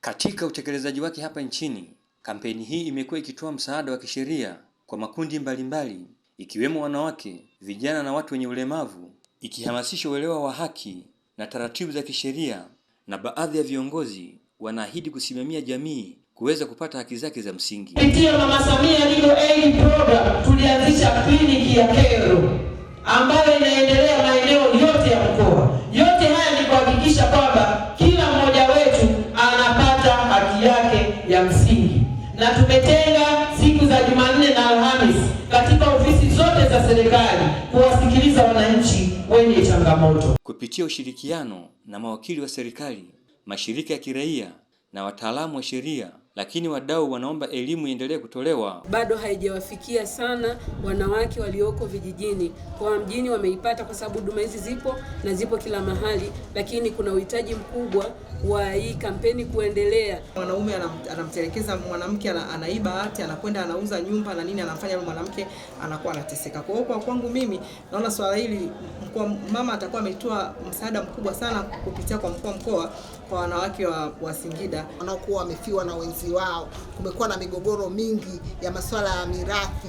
Katika utekelezaji wake hapa nchini, kampeni hii imekuwa ikitoa msaada wa kisheria kwa makundi mbalimbali mbali, ikiwemo wanawake, vijana na watu wenye ulemavu, ikihamasisha uelewa wa haki na taratibu za kisheria, na baadhi ya viongozi wanaahidi kusimamia jamii kuweza kupata haki zake za msingi. Ndiyo Mama Samia Legal Aid Program tulianzisha kliniki ya kero ambayo inaendelea na tumetenga siku za Jumanne na Alhamisi katika ofisi zote za serikali kuwasikiliza wananchi wenye changamoto. Kupitia ushirikiano na mawakili wa serikali, mashirika ya kiraia na wataalamu wa sheria lakini wadau wanaomba elimu iendelee kutolewa. Bado haijawafikia sana wanawake walioko vijijini, kwa mjini wameipata, kwa sababu huduma hizi zipo na zipo kila mahali, lakini kuna uhitaji mkubwa wa hii kampeni kuendelea. Mwanaume anamtelekeza mwanamke, anaiba hati, anakwenda anauza nyumba na nini, anafanya mwanamke anakuwa anateseka. Kwa hiyo kwa kwangu mimi naona swala hili mkua, mama atakuwa ametoa msaada mkubwa sana kupitia kwa mkuu wa mkoa kwa wanawake wa, wa Singida wanaokuwa wamefiwa na wenzi wazazi wao. Kumekuwa na migogoro mingi ya masuala ya mirathi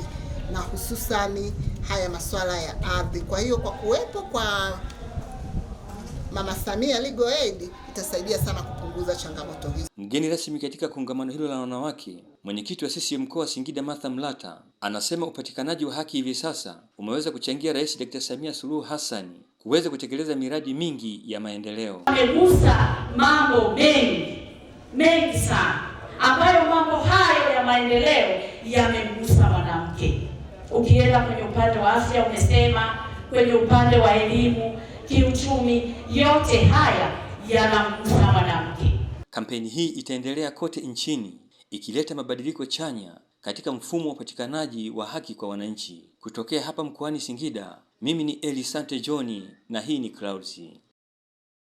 na hususani haya masuala ya ardhi. Kwa hiyo kwa kuwepo kwa Mama Samia Legal Aid itasaidia sana kupunguza changamoto hizo. Mgeni rasmi katika kongamano hilo la wanawake, mwenyekiti wa CCM mkoa wa Singida Martha Mlata anasema upatikanaji wa haki hivi sasa umeweza kuchangia Rais Dr. Samia Suluhu Hassan kuweza kutekeleza miradi mingi ya maendeleo. Amegusa mambo mengi mengi sana ambayo mambo hayo ya maendeleo yamegusa mwanamke. Ukienda kwenye upande wa afya umesema, kwenye upande wa elimu, kiuchumi, yote haya yanamgusa mwanamke. Kampeni hii itaendelea kote nchini ikileta mabadiliko chanya katika mfumo wa upatikanaji wa haki kwa wananchi. Kutokea hapa mkoani Singida, mimi ni Elisante Johni na hii ni Clouds.